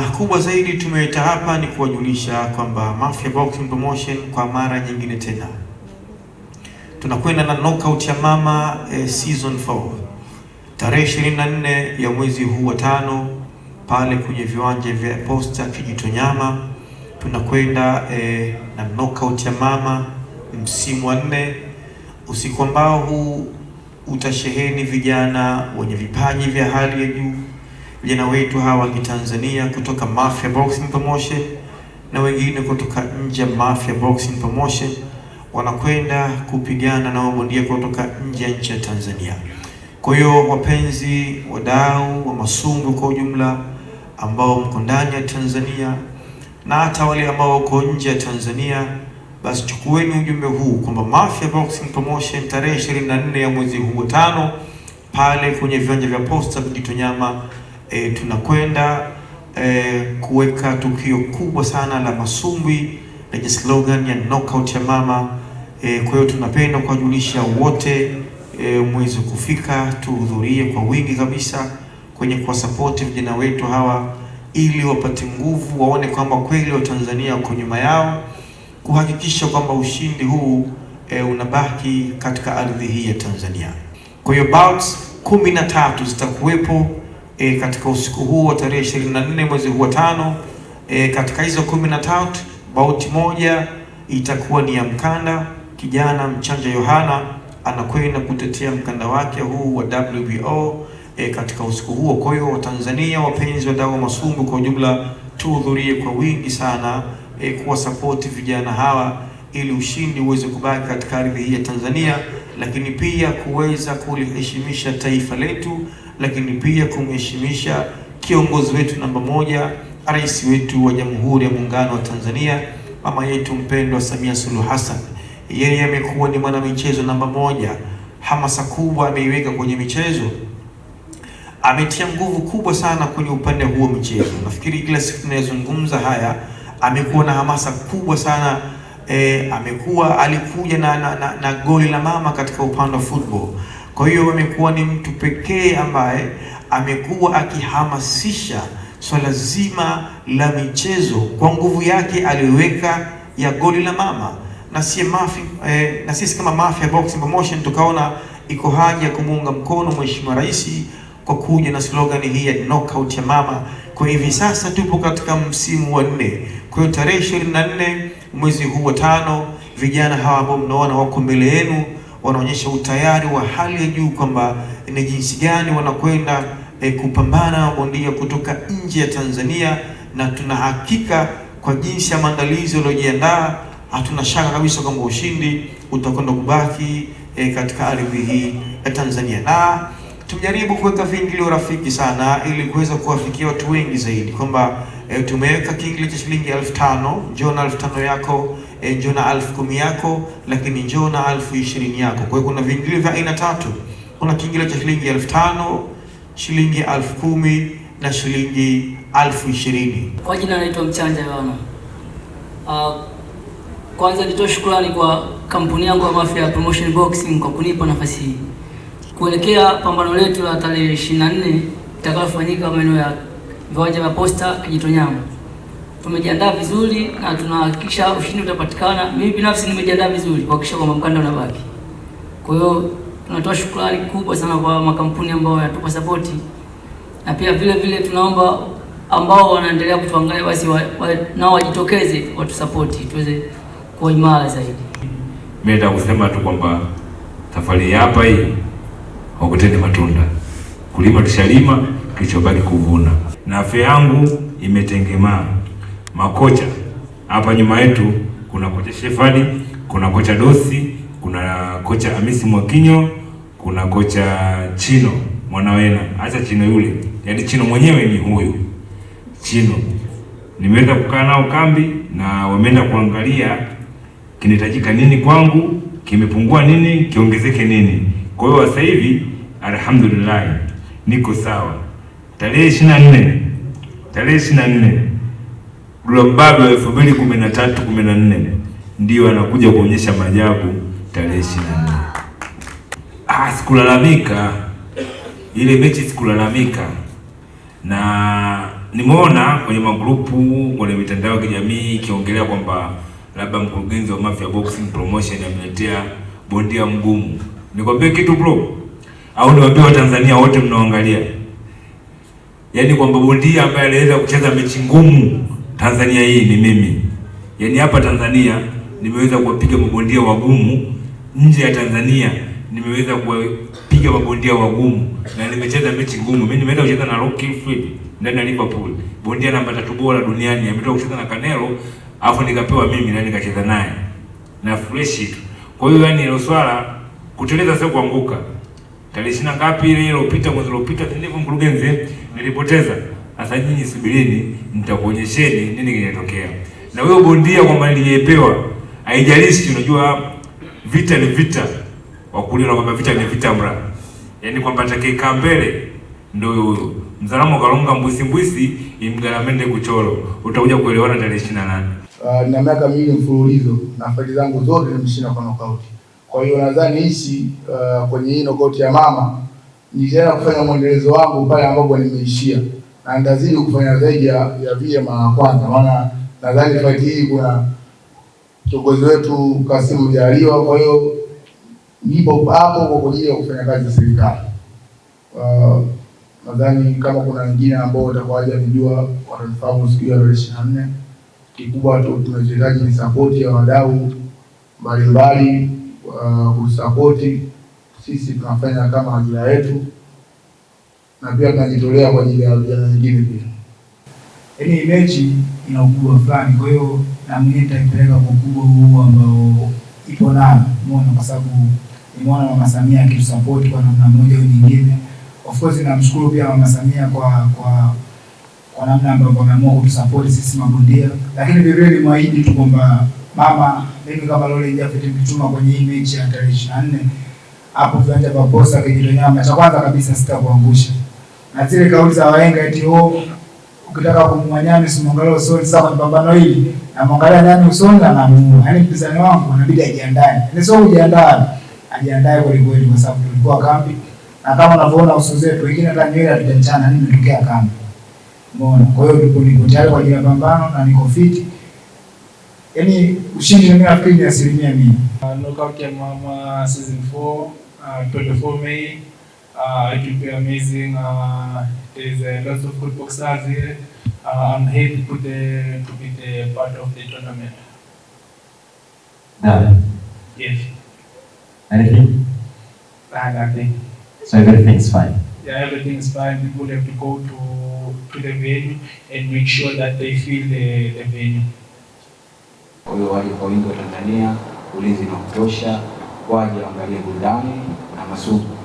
Ah, kubwa zaidi tumeleta hapa ni kuwajulisha kwamba Mafia Boxing Promotion kwa mara nyingine tena tunakwenda na knockout ya mama eh, season 4 tarehe 24 ya mwezi huu wa tano pale kwenye viwanja vya Posta Kijitonyama. Tunakwenda eh, na knockout ya mama msimu wa nne, usiku ambao huu utasheheni vijana wenye vipaji vya hali ya juu vijana wetu hawa wa tanzania kutoka Mafia Boxing Promotion na wengine kutoka nje ya Mafia Boxing Promotion wanakwenda kupigana na mabondia kutoka nje ya nchi ya Tanzania. Kwa hiyo wapenzi wadau wa masumbwi kwa ujumla, ambao mko ndani ya Tanzania na hata wale ambao wako nje ya Tanzania, basi chukueni ujumbe huu kwamba Mafia Boxing Promotion tarehe 24 ya mwezi huu wa tano pale kwenye viwanja vya Posta Kijitonyama e, tunakwenda e, kuweka tukio kubwa sana la masumbwi lenye slogan ya knockout ya mama e. Kwa hiyo tunapenda kuwajulisha wote e, mwezi kufika, tuhudhurie kwa wingi kabisa kwenye kuwasapoti vijana wetu hawa ili wapate nguvu, waone kwamba kweli Watanzania wako nyuma yao kuhakikisha kwamba ushindi huu e, unabaki katika ardhi hii ya Tanzania. Kwa hiyo bouts kumi na tatu zitakuwepo e, katika usiku huu wa tarehe 24 mwezi huu wa tano e, katika hizo kumi na tatu bauti moja itakuwa ni ya mkanda. Kijana mchanja Yohana anakwenda kutetea mkanda wake huu wa WBO e, katika usiku huo. Kwa hiyo Watanzania wapenzi wa dawa masumbu kwa ujumla, tuhudhurie kwa wingi sana e, support vijana hawa ili ushindi uweze kubaki katika ardhi hii ya Tanzania, lakini pia kuweza kuliheshimisha taifa letu lakini pia kumheshimisha kiongozi wetu namba moja, rais wetu wa Jamhuri ya Muungano wa Tanzania, mama yetu mpendwa Samia Suluhu Hassan. Yeye amekuwa ni mwanamichezo namba moja, hamasa kubwa ameiweka kwenye michezo, ametia nguvu kubwa sana kwenye upande huo michezo. Nafikiri kila siku tunayozungumza haya, amekuwa na hamasa kubwa sana e, amekuwa alikuja na, na, na, na goli la mama katika upande wa football kwa hiyo amekuwa ni mtu pekee ambaye amekuwa akihamasisha swala zima la michezo kwa nguvu yake aliyoweka ya goli la mama, na si mafi, eh, na sisi kama Mafia Boxing Promotion tukaona iko haja ya kumuunga mkono Mheshimiwa Rais kwa kuja na slogan hii ya knockout ya mama. Kwa hivi sasa tupo katika msimu wa nne, kwa hiyo tarehe 24 mwezi huu wa tano, vijana hawa ambao mnaona wako mbele yenu wanaonyesha utayari wa hali ya juu kwamba ni jinsi gani wanakwenda e, kupambana na bondia kutoka nje ya Tanzania, na tuna hakika kwa jinsi ya maandalizi waliojiandaa, hatuna shaka kabisa kwamba ushindi utakwenda kubaki e, katika ardhi hii ya Tanzania, na tumejaribu kuweka viingilio rafiki sana ili kuweza kuwafikia watu wengi zaidi, kwamba e, tumeweka kiingilio cha shilingi elfu tano. Njoo na elfu tano yako e, njoo na alfu kumi yako, lakini njoo na alfu ishirini yako. Kwa hiyo kuna vingilio vya aina tatu. Kuna kiingilio cha shilingi elfu tano shilingi alfu kumi na shilingi alfu ishirini. Kwa jina naitwa Mchanja bwana. Uh, ah, kwanza nitoe shukrani kwa kampuni yangu ya Mafia Promotion Boxing kwa kunipa nafasi hii kuelekea pambano letu la tarehe 24 litakalofanyika maeneo ya viwanja vya Posta Kijitonyama tumejiandaa vizuri na tunahakikisha ushindi utapatikana. Mimi binafsi nimejiandaa vizuri kuhakikisha kwamba mkanda unabaki. Kwa hiyo tunatoa shukrani kubwa sana kwa makampuni ambayo yatupa sapoti, na pia vile vile tunaomba ambao wanaendelea kutuangalia basi wa, wa, nao wajitokeze watusapoti tuweze kuwa imara zaidi. Mimi nataka kusema tu kwamba safari hapa hii wakutende matunda, kulima tushalima, kilichobaki kuvuna, na afya yangu imetengemaa makocha hapa nyuma yetu kuna kocha Shefali, kuna kocha Dosi, kuna kocha Hamisi Mwakinyo, kuna kocha Chino Mwanawena. Acha Chino yule, yaani Chino mwenyewe ni huyu Chino. Nimeenda kukaa nao kambi na wameenda kuangalia kinahitajika nini kwangu, kimepungua nini, kiongezeke nini. Kwa hiyo sasa hivi alhamdulillah niko sawa. Tarehe 24 tarehe 24 Lulambado elfu mbili kumi na tatu kumi na nne ndio anakuja kuonyesha maajabu tarehe ishirini na nne. Ah, sikulalamika ile mechi, sikulalamika na nimeona kwenye magrupu kwenye mitandao ya kijamii ikiongelea kwamba labda mkurugenzi wa Mafia Boxing Promotion ameletea bondia mgumu. Nikwambie kitu bro, au niwaambie Watanzania wote mnaoangalia, yaani kwamba bondia ambaye aliweza kucheza mechi ngumu Tanzania hii ni mimi. Yaani hapa Tanzania nimeweza kuwapiga mabondia wagumu, nje ya Tanzania nimeweza kuwapiga mabondia wagumu na nimecheza mechi ngumu. Mimi nimeenda kucheza na Rocky Flip ndani ya Liverpool. Bondia namba tatu bora duniani ametoka kucheza na Canelo, afu nikapewa mimi na nikacheza naye. Na fresh tu. Kwa hiyo yani ile swala kuteleza sio kuanguka. Tarehe 20 ngapi ile iliyopita mwezi uliopita, mkurugenzi nilipoteza sasa nyinyi subirini, nitakuonyesheni nini kinatokea. Na huyo bondia kwa mali yepewa, haijalishi unajua vita ni vita. Wakulia na kwamba vita ni vita mra. Yaani kwamba atakayekaa mbele ndio huyo. Mzalamo kalonga mbusi mbusi imgaramende kuchoro. Utakuja kuelewana tarehe 28. Uh, ah, nina miaka miwili mfululizo na faili zangu zote nimeshinda kwa knockout. Kwa hiyo nadhani hichi uh, ah, kwenye hii knockout ya mama nitaenda kufanya mwendelezo wangu pale ambapo nimeishia na nitazidi kufanya zaidi ya ya mara kwanza, maana nadhani fight hii kuna kiongozi wetu Kasimu jaliwa Kwa hiyo nipo hapo kwa ajili ya kufanya kazi za serikali. Uh, nadhani kama kuna wengine ambao watakuwa hawajanijua watanifahamu siku ya tarehe ishirini na nne. Kikubwa tunachohitaji ni sapoti ya wadau mbalimbali kusapoti uh, sisi tunafanya kama ajira yetu na pia tunajitolea kwa ajili ya vijana wengine pia. Yaani mechi ina ukubwa fulani, kwa hiyo na mimi nitaipeleka kwa ukubwa huu ambao ipo nao, umeona, kwa sababu ni nimeona Mama Samia akitusapoti kwa namna moja au nyingine. Of course namshukuru pia Mama Samia kwa kwa kwa namna ambayo ameamua kutusapoti sisi mabondia, lakini vile vile nimwahidi tu kwamba mama, mimi kama Lole Japhet Mchuma kwenye hii mechi ya tarehe 24 hapo viwanja vya Posta Kijitonyama, cha kwanza kabisa sitakuangusha na zile kauli za wahenga eti ho oh, ukitaka kumwanyama usimwangalie usoni. Sasa kwa pambano hili na mwangalia nani usoni na namuua, yaani mpinzani wangu anabidi ajiandae, ni yaani sio kujiandaa, ajiandae kwa kweli, kwa sababu tulikuwa kambi na kama unavyoona uso zetu wengine hata nywele hatujachana, nini yaani imetokea kambi, umeona. Kwa hiyo niko niko tayari kwa ajili ya pambano na niko fiti, yaani ushindi mimi nafikiri ni asilimia mia. Knockout ya mama season 4 24 Mei Uh, it will be amazing. Uh, there's uh, lots of good boxers here. Uh, I'm happy to, the, to be the part of the tournament. Done. Yes. Anything? Nah, nothing. So everything's fine. Yeah, everything's fine. People have to go to to the venue and make sure that they feel the, the venue. Kwa hiyo waje kwa wingi wa Tanzania, ulinzi na kutosha, waje waangalie burudani na masuku